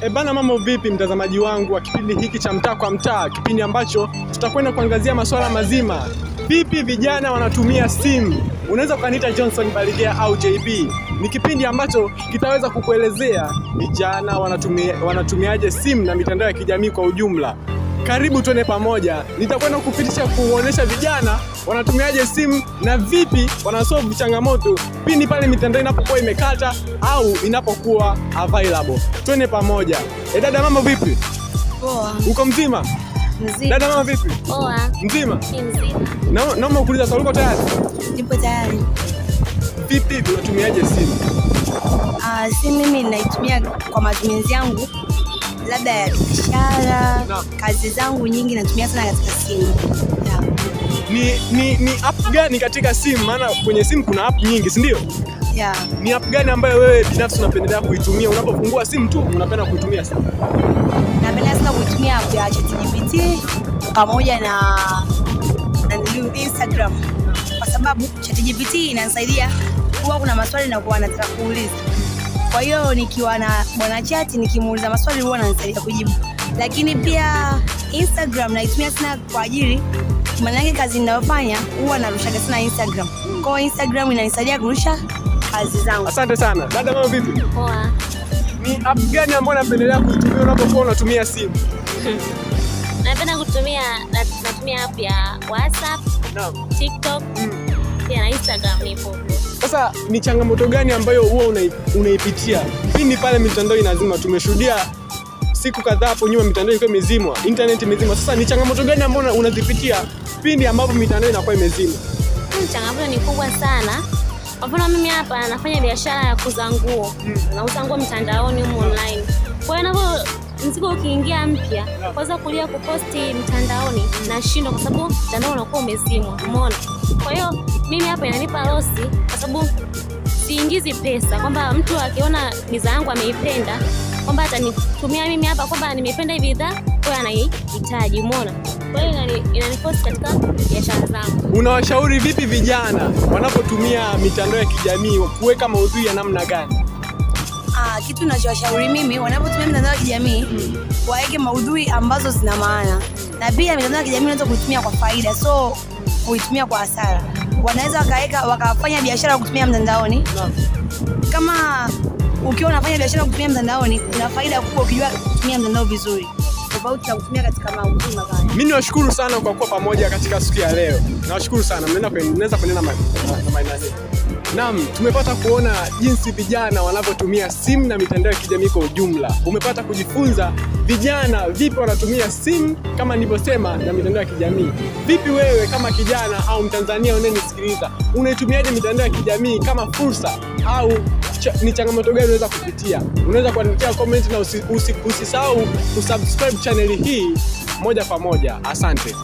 E bana, mambo vipi mtazamaji wangu wa kipindi hiki cha mtaa kwa mtaa, kipindi ambacho tutakwenda kuangazia masuala mazima, vipi vijana wanatumia simu. Unaweza ukaniita Johnson Baligea au JB. Ni kipindi ambacho kitaweza kukuelezea vijana wanatumia, wanatumiaje simu na mitandao ya kijamii kwa ujumla karibu tuone pamoja. Nitakwenda kupitisha kuonyesha vijana wanatumiaje simu na vipi wanasolve changamoto pindi pale mitandao inapokuwa imekata au inapokuwa available. Tuone pamoja. E, dada mama, vipi? Poa. Uko mzima? Mzima. Dada mama, vipi? Poa. Mzima? Mzima. Na naomba kuuliza swali, uko tayari? Nipo tayari. Vipi unatumiaje simu? Ah, simu mimi naitumia kwa matumizi yangu labda ya biashara no. Kazi zangu nyingi natumia sana katika simu Ni, ni, ni app gani katika simu? Maana kwenye simu kuna app nyingi, si ndio? Yeah. Ni app gani ambayo wewe binafsi unapendelea kuitumia unapofungua simu tu unapenda kuitumia sana? Napenda sana kuitumia app ya ChatGPT pamoja na, na Instagram kwa sababu ChatGPT inanisaidia kuwa kuna maswali na kuwa nataka kuuliza kwa hiyo nikiwa na bwana chati nikimuuliza maswali huwa ananisaidia kujibu, lakini pia Instagram naitumia sana kwa ajili maana yake kazi ninayofanya huwa narushaga sana Instagram. Kwa hiyo Instagram inanisaidia kurusha kazi zangu. Asante sana. Dada, mama vipi? Poa. Ni app gani ambayo napendelea kutumia unapokuwa unatumia simu? Napenda kutumia natumia app ya WhatsApp, no. TikTok, mm. pia na Instagram nipo. Sasa ni changamoto gani ambayo huwa unaipitia? Hii ni pale mitandao inazima. Tumeshuhudia siku kadhaa hapo nyuma mitandao ilikuwa imezimwa, internet imezimwa. Sasa ni changamoto gani ambayo unazipitia pindi ambapo mitandao inakuwa imezimwa? Hmm, changamoto ni kubwa sana. Kwa mfano mimi hapa nafanya biashara ya kuuza nguo, hmm. nauza nguo mtandaoni online. Kwa hiyo mzigo ukiingia mpya, kwanza kulia kuposti mtandaoni nashindwa, kwa sababu mtandao unakuwa umezimwa, umeona. Kwa hiyo mimi hapa inanipa losi, kwa sababu siingizi pesa, kwamba mtu akiona bidhaa yangu ameipenda, kwamba atanitumia mimi hapa kwamba nimependa hii bidhaa kwa anaihitaji, umeona. Kwa hiyo inanifosi katika biashara zangu. Unawashauri vipi vijana wanapotumia mitandao ya kijamii kuweka maudhui ya namna gani? kitu ninachowashauri mimi, wanapotumia mitandao ya kijamii waweke maudhui ambazo zina maana, na pia mitandao ya kijamii unaweza kuitumia kwa faida, so kuitumia kwa hasara. Wanaweza wakaweka wakafanya biashara kutumia mtandaoni. Kama ukiwa unafanya biashara kutumia mtandaoni, kuna faida kubwa ukijua kutumia mtandao vizuri. ni niwashukuru sana kwa kuwa pamoja katika siku ya leo. Nawashukuru sana. Mnaweza kuendelea na maana. Naam, tumepata kuona jinsi vijana wanavyotumia simu na mitandao ya kijamii kwa ujumla. Umepata kujifunza vijana vipi wanatumia simu kama nilivyosema na mitandao ya kijamii. Vipi wewe kama kijana au Mtanzania unayenisikiliza, unaitumiaje mitandao ya kijamii kama fursa au ch ni changamoto gani unaweza kupitia? Unaweza kuandikia comment na usi, usi, kusubscribe chaneli hii moja kwa moja. Asante.